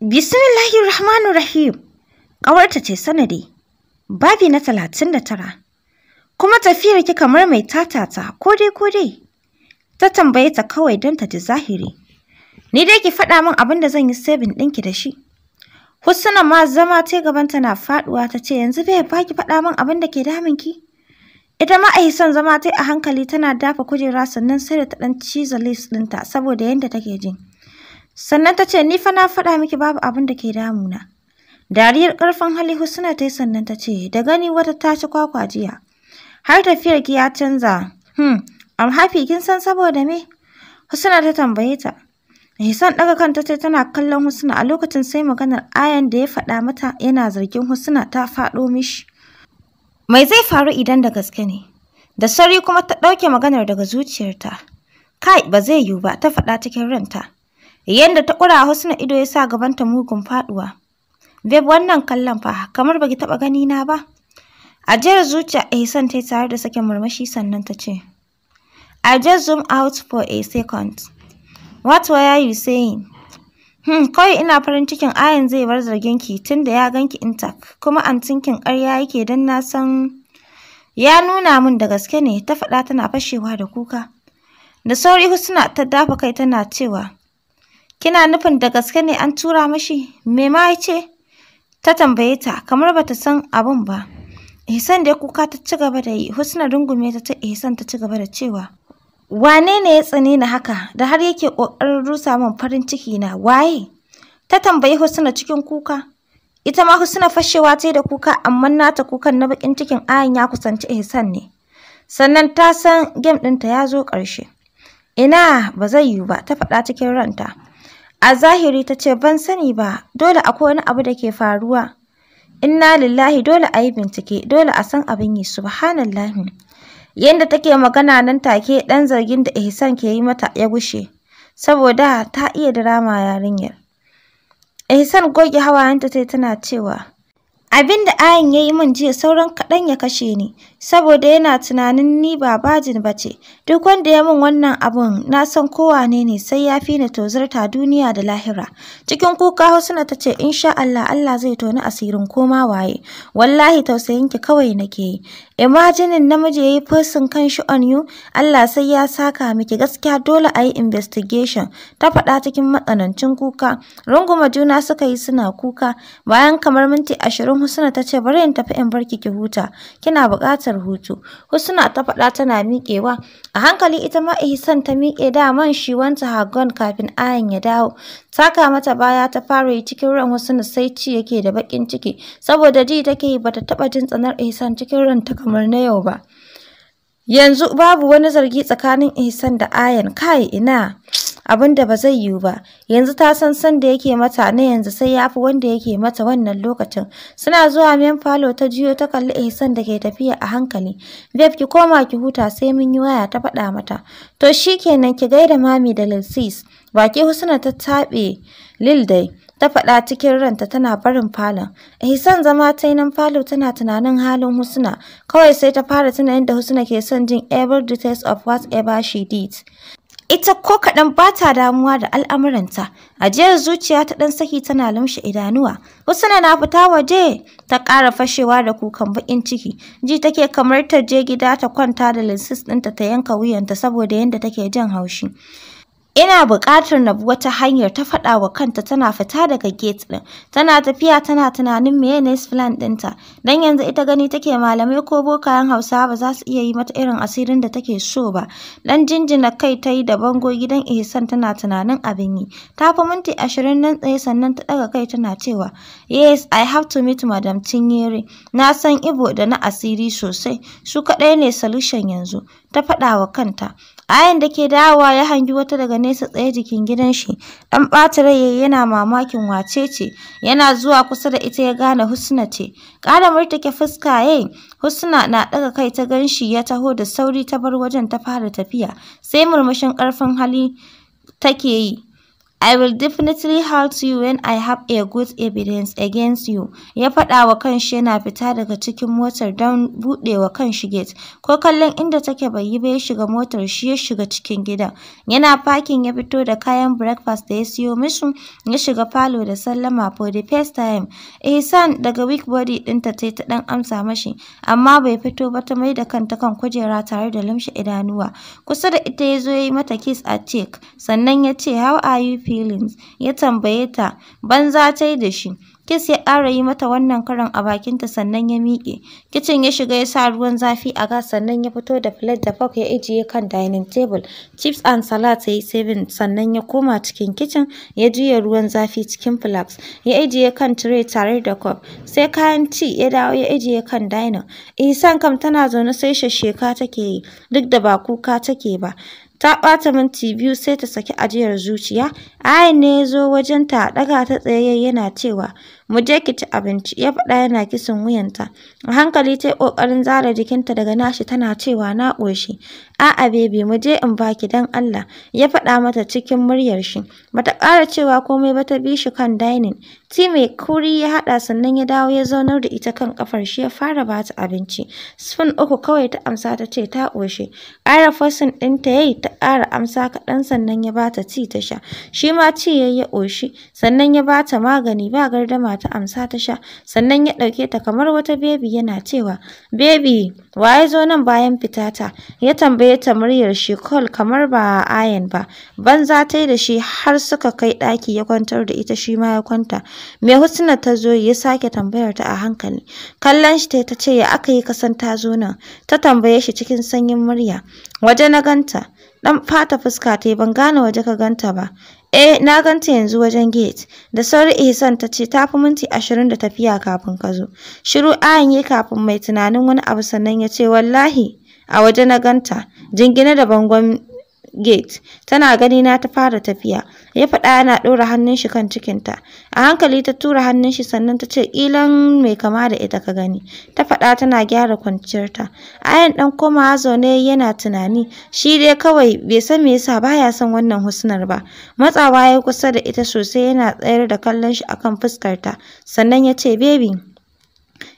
Bismillahir Rahmanir Rahim. Ƙawarta ce sanadi. Babi na talatin da tara. Kuma tafiyar ki kamar mai tatata ko dai ko dai. Ta tambaye ta kawai don ta ji zahiri. Ni dai ki faɗa min abin da zan yi saving ɗinki da shi. Husna ma zama ta gaban tana faɗuwa ta ce yanzu bai ba ki faɗa min abin da ke damun ki. Ita ma son zama ta a hankali tana dafa kujera sannan sai da ta ɗan ciza list ɗinta saboda yadda take jin. Sannan ta ce, Ni fa na faɗa miki babu abin da ke damuna. Dariyar ƙarfin hali Husna ta yi sannan ta ce, Da gani wata ta ci kwakwa jiya. Har tafiyar ki ya canza. Hmm, am happy kin san saboda me? Husna ta tambaye ta. Hisan ɗaga kanta ce tana kallon Husna a lokacin sai maganar ayan da ya faɗa mata yana zargin Husna ta faɗo mishi. Mai zai faru idan da gaske ne? Da sauri kuma ta ɗauke maganar daga zuciyarta. Kai, ba zai yiwu ba, ta faɗa cikin ranta. Yadda ta ƙura Husna ido ya sa gabanta mugun faɗuwa. Babe wannan kallon fa kamar baki taɓa gani na ba. Ajiyar zuciya Ihsan ta yi tare da sakin murmushi sannan ta ce, I just zoom out for a second. What were you saying? Hmm, kawai ina farin cikin ayan zai bar zargin tun da ya ganki intact kuma antinkin ƙarya yake don na san ya nuna min da gaske ne ta faɗa tana fashewa da kuka. Da sauri Husna ta dafa kai tana cewa, Kina nufin da gaske ne an tura mashi? Me ma ya ce? Ta tambaye ta kamar bata san abun ba. Ihsan da kuka ta ci gaba da yi, Husna rungume ta ta Ihsan ta ci gaba da cewa, Wane ne ya tsani na haka da har yake ƙoƙarin rusa min farin ciki na waye? Ta tambayi Husna cikin kuka. Ita ma Husna fashewa ta da kuka amma nata kukan na bakin cikin ayan ya kusanci Ihsan ne. Sannan ta san game ɗinta ya zo ƙarshe. Ina ba zai yiwu ba ta faɗa cikin ranta. A zahiri ta ce ban sani ba, dole akwai wani abu da ke faruwa. Inna lillahi dole a yi bincike, dole a san abin yi, subhanallahi. Yadda take magana nan take ɗan zargin da Ihsan ke yi mata ya gushe, saboda ta iya da rama yarinyar. Ihsan goge hawayenta sai tana cewa, Abin da Ayan ya yi min jiya sauran kaɗan ya kashe ni, saboda yana tunanin ni ba bajin ba ce. Duk wanda ya min wannan abun na san kowa ne ne sai ya fi ni tozarta duniya da lahira. Cikin kuka Husna ta ce insha Allah Allah zai toni asirin koma waye. Wallahi tausayin ki kawai nake yi. Imajinin namiji ya yi fursun kan shi on you, Allah sai ya saka miki gaskiya dole a yi investigation, ta faɗa cikin matsanancin kuka. Runguma juna suka yi suna kuka, bayan kamar minti ashirin Husna ta ce bari in tafi in barki ki huta, kina buƙatar hutu. Husna ta faɗa tana miƙewa, a hankali ita ma Ihsan ta miƙe daman shi wanta Hagon kafin ayan ya dawo. Saka mata baya ta fara yi cikin ran Husna sai ci yake da baƙin ciki, saboda ji take yi bata taɓa jin tsanar Ihsan cikin ran ta kamar na yau ba yanzu babu wani zargi tsakanin ihsan da ayan kai ina abin da ba zai yiwu ba yanzu ta san san da yake mata na yanzu sai ya fi wanda yake mata wannan lokacin suna zuwa men falo ta jiyo ta kalli ihsan da ke tafiya a hankali beb ki koma ki huta sai mun yi waya ta faɗa mata to shikenan ki gaida mami da lil sis ba ke husna ta taɓe lil dai ta faɗa cikin ranta tana barin falon. Ihsan zama ta nan falo tana tunanin halin Husna, kawai sai ta fara tuna yadda Husna ke son jin every details of whatever she did. Ita ko kaɗan ba ta damuwa da al'amuranta, ajiyar zuciya ta ɗan saki tana lumshe idanuwa. Husna na fita waje ta ƙara fashewa da kukan baƙin ciki, ji take kamar ta je gida ta kwanta da linsis ɗinta ta yanka wuyanta saboda yadda take jin haushi. Ina buƙatar na bi wata hanyar ta faɗa wa kanta tana fita daga gate ɗin. Tana tafiya tana tunanin meye ne plan ɗinta. Don yanzu ita gani take malamai ko bokayen hausa ba za su iya yi mata irin asirin da take so ba. Ɗan jinjina kai ta yi da bango gidan Ihsan tana tunanin abin yi. Ta fi minti ashirin nan tsaye sannan ta ɗaga kai tana cewa yes I have to meet Madam Tinyere. Na san Ibo da na asiri sosai. Su kaɗai ne solution yanzu. ta faɗa wa kanta. Ayan da ke dawowa ya hangi wata daga nesa tsaye jikin gidan shi. Ɗan ɓata rai yana mamakin wace ce, yana zuwa kusa da ita ya gane Husna ce. Ƙara murtake fuska yayi, Husna na ɗaga kai ta gan shi ya taho da sauri ta bar wajen ta fara tafiya, sai murmushin ƙarfin hali take yi. I will definitely halt you when I have a good evidence against you, ya faɗa wa kanshi yana fita daga cikin motar don buɗe wa kanshi gate. Ko kallon inda take bai yi bai shiga motar shi ya shiga cikin gidan. Yana parking ya fito da kayan breakfast da ya siyo mishi ya shiga falo da sallama for the first time. Ihsan eh, daga weak body ɗinta ta ta ɗan amsa mashi, amma bai fito ba ta mai da kanta kan kujera tare da lamshe idanuwa. Kusa da ita ya zo ya yi mata kiss a cheek, sannan ya ce how are you feelings ya tambaye ta banza ta yi da shi Kis ya ƙara yi mata wannan karon a bakinta sannan ya miƙe. Kicin ya shiga ya sa ruwan zafi a gas sannan ya fito da plate da fork ya ijiye kan dining table. Chips and salad ya yi saving sannan ya koma cikin kicin ya juya ruwan zafi cikin flask. Ya ijiye kan tray tare da cup. Sai kayan ci ya dawo ya ijiye kan dining. isan eh, kam tana zaune sai shasheka take yi duk da ba kuka take ba. ta ɓata minti biyu sai ta saki ajiyar zuciya. Ayan ne ya zo wajenta ɗaga ta tsaye yana cewa mu je ki ci abinci ya faɗa yana kisan wuyanta a hankali ta yi ƙoƙarin zara jikinta daga nashi tana cewa na ƙoshi a'a baby mu je in baki dan Allah ya faɗa mata cikin muryar shi bata ƙara cewa komai ba ta bi shi kan dining ti mai kuri ya haɗa sannan ya dawo ya zaunar da ita kan kafar shi ya fara ba ta abinci spoon uku kawai ta amsa ta ce ta ƙoshi ƙara fasin ɗinta yi ta ƙara amsa kaɗan sannan ya ba ta ci ta sha shi ma ci ya ƙoshi sannan ya ba ta magani ba gardama ta amsa ta sha sannan ya ɗauke ta kamar wata bebi yana cewa bebi wa ya zo nan bayan fitata ya tambaye ta muryar shi kol kamar ba ayan ba ban za ta yi da shi har suka kai ɗaki ya kwantar da ita shi ma ya kwanta me husna ta zo ya sake tambayar ta a hankali kallon shi ta ce ya aka yi kasan ta zo nan ta tambaye shi cikin sanyin murya waje na ganta dan fata fuska ta ban gane waje ka ganta ba Eh, na ganta yanzu wajen gate. Da sauri Ihsan eh, ta ce ta fi minti ashirin da tafiya kafin ka zo. Shiru ayan yi kafin mai tunanin wani abu sannan ya ce wallahi a waje na ganta, jingina da bangon gate tana gani na ta fara tafiya ya faɗa yana ɗora hannun shi kan cikin ta a hankali ta tura hannun shi sannan ta ce ilan mai kama da ita ka gani ta faɗa tana gyara kwanciyarta ayan ɗan koma zaune yana tunani shi dai kawai bai san me yasa baya son wannan husnar ba matsawa ya kusa da ita sosai yana tsayar da kallon shi akan fuskarta sannan ya ce baby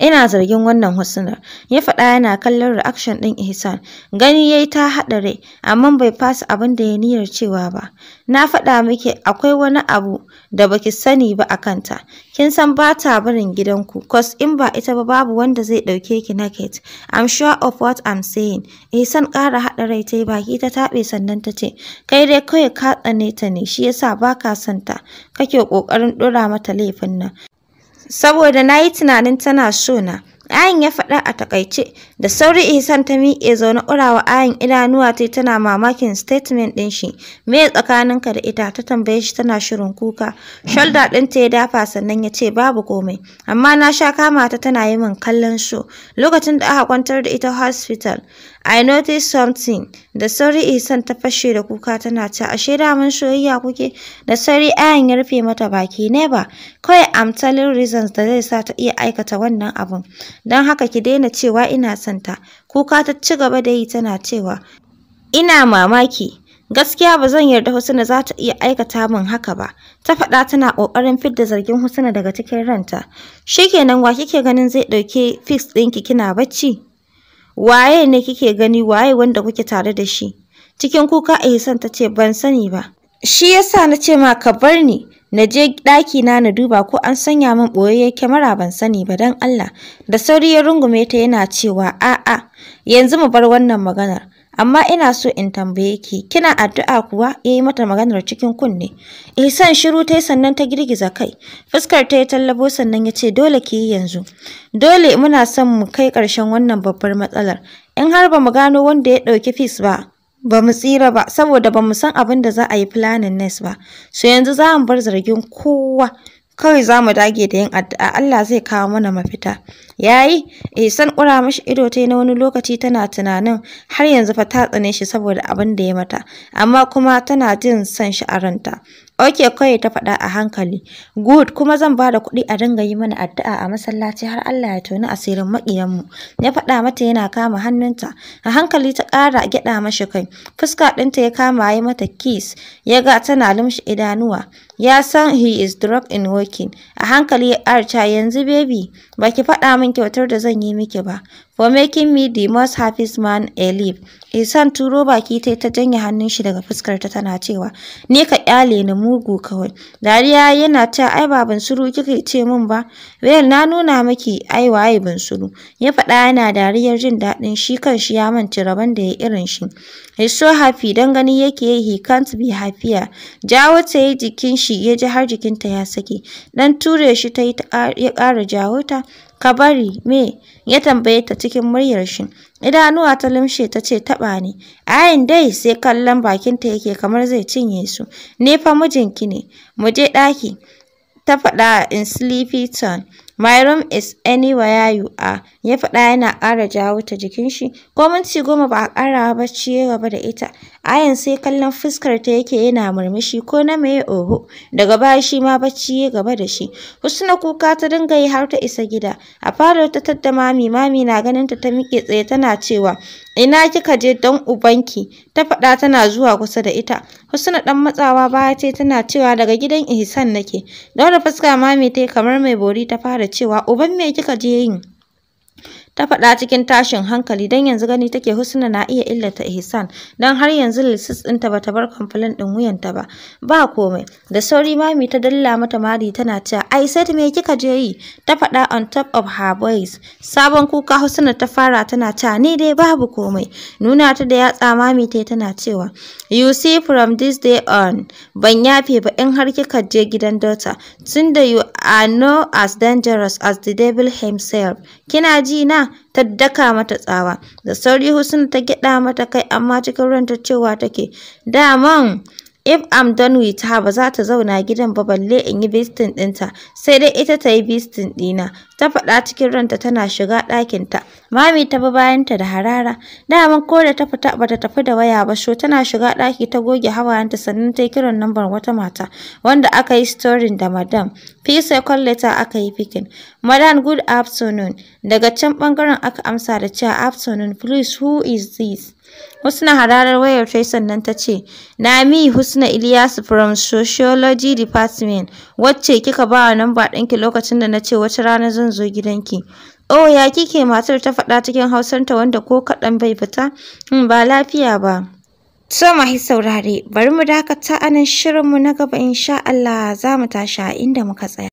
Ina zargin wannan husnar. Ya faɗa yana kallon reaction ɗin Ihsan. Gani yayi ta haɗa rai, amma bai fasa abin da ya niyyar cewa ba. Na faɗa miki akwai wani abu da baki sani ba a kanta. Kin san ba ta barin gidanku, cause in ba ita ba babu wanda zai ɗauke ki naked. I'm sure of what I'm saying. Ihsan ƙara haɗa rai ta yi baki ta taɓe sannan ta ce, kai dai kawai ka tsane ta ne, shi yasa ba ka son ta. Kake ƙoƙarin ɗora mata laifin nan. saboda na yi tunanin tana sona, Ayin ya faɗa a takaice, da sauri Ihsan ta miƙe zaune ƙurawa Ayin idanuwa ta tana mamakin statement ɗin shi. Me ka da ita ta tambaye shi tana shirin kuka. Shoulder ɗin ta ya dafa sannan ya ce babu komai. Amma na sha kama ta tana yi min kallon so Lokacin da aka kwantar da ita hospital, I noticed something. Da sauri isan ta fashe da kuka tana ta ashe daman soyayya kuke. Da sauri ayan ya rufe mata baki never. Kawai I'm telling reasons da zai sa ta iya aikata wannan abun. dan haka ki daina cewa ina son ta. Kuka ta ci gaba da yi tana cewa ina mamaki. Gaskiya ba zan yarda Husna za ta iya aikata min haka ba. Ta faɗa tana ƙoƙarin fidda zargin Husna daga cikin ranta. Shikenan wa kike ganin zai ɗauke fix ɗinki kina bacci? waye ne kike gani waye wanda kuke tare da shi cikin kuka ihsan ta ce ban sani ba shi yasa na ce ma ka bar ni na je ɗaki na na duba ko an sanya min ɓoyayye kyamara ban sani ba don Allah da sauri ya rungume ta yana cewa a'a yanzu mu bar wannan maganar amma ina so in tambaye ki kina addu'a kuwa ya mata maganar cikin kunne isan shiru ta sannan ta girgiza kai fuskar ta ya tallabo sannan yace dole ki yi yanzu dole muna son mu kai karshen wannan babbar matsalar in har ba mu gano wanda ya ɗauki fis ba ba mu tsira ba saboda ba mu san abin da za a yi planning nes ba so yanzu za mu bar zargin kowa kawai za mu dage da yin addu'a Allah zai kawo mana mafita yayi ihsan eh, kura mashi ido ta na wani lokaci tana tunanin har yanzu fa ta tsane shi saboda abin da ya mata amma kuma tana jin son shi a ranta Oke kawai ta faɗa a hankali. Good kuma zan ba da kuɗi a dinga yi mana addu'a a masallaci har Allah ya toni asirin maƙiyanmu. Ya faɗa mata yana kama hannunta. A hankali ta ƙara gyaɗa mashi kai. Fuska ɗinta ya kama yi mata kiss. Ya ga tana lumshi idanuwa. ya san he is drug in working. A hankali arca yanzu baby, ba ki faɗa min kyautar da zan yi miki ba. For making me the most happiest man alive. Isan turo baki ta ta janye hannun shi daga fuskar ta tana cewa, "Ni ka kyale ni mugu kawai." Dariya yana ta ai ba ban suru kike ce min ba. Well na nuna miki ai waye ban suru. Ya faɗa yana dariyar jin daɗin shi kan shi ya manci rabon da ya irin shi. He's so happy don gani yake he can't be happier. Jawo ta yi jikin shi ya ji har jikinta ya sake. Dan ture shi ta yi ya ƙara jawo ta. Ka bari me? Ya tambaye ta cikin muryar shi. Idanuwa ta limshe ta ce taɓa ne. Ayin dai sai kallon bakinta yake kamar zai cinye su. Ne fa mijinki ne. Mu je ɗaki. Ta faɗa in sleepy tone. My room is anywhere you are. Ya faɗa yana ƙara jawo ta jikin shi. Ko minti goma ba a ƙara ba ci ya gaba da ita. Ayan sai kallon fuskar ta yake yana murmushi ko na meye oho. Daga baya shi ma bacci ya gaba da shi. Husna kuka ta dinga yi har ta isa gida. A falo ta tadda mami mami na ganin ta ta miƙe tsaye tana cewa Ina kika je don ubanki? Ta faɗa tana zuwa kusa da ita. Husna ɗan matsawa baya ce tana cewa daga gidan Ihsan nake. Daura fuska mami tai kamar mai bori ta fara cewa uban me kika je yin? ta faɗa cikin tashin hankali don yanzu gani take Husna na iya illata Ihsan don har yanzu lissis ɗinta ba ta bar kwamfilin ɗin wuyanta ba ba komai da sauri mami ta dalla mata mari tana cewa ai sai me kika je yi ta faɗa on top of her voice sabon kuka Husna ta fara tana cewa ni dai babu komai nuna ta da yatsa mami ta tana cewa you see from this day on ban yafe ba in har kika je gidan daughter tunda you are no as dangerous as the devil himself kina ji na ta daka mata tsawa da sauri husna ta gyaɗa mata kai amma cikin ranta cewa take daman If I'm done with her ba za ta zauna gidan ba balle in yi visiting ɗinta, sai dai ita ta yi visiting ɗina, ta faɗa cikin ranta tana shiga ɗakinta. Mami ta bi bayanta da harara, daman ko da ta fita ba ta tafi da waya ba sho tana shiga ɗaki ta goge hawayenta sannan ta yi kiran lambar wata mata, wanda aka yi storing da madam. Few call letter aka yi picking. Madam good afternoon. Daga can ɓangaren aka amsa da cewa afternoon please who is this? Husna hararar wayar ta sannan ta ce, Nami Husna Ilyas from Sociology Department, wacce kika ba wa namba ɗinki lokacin da na ce wata rana zan zo gidanki. Oh, ya kike matar ta faɗa cikin hausanta wanda ko kaɗan bai fita? Hmm, ba lafiya ba. To mahi saurare, bari mu dakata anan shirinmu na gaba insha Allah za mu tashi a inda muka tsaya.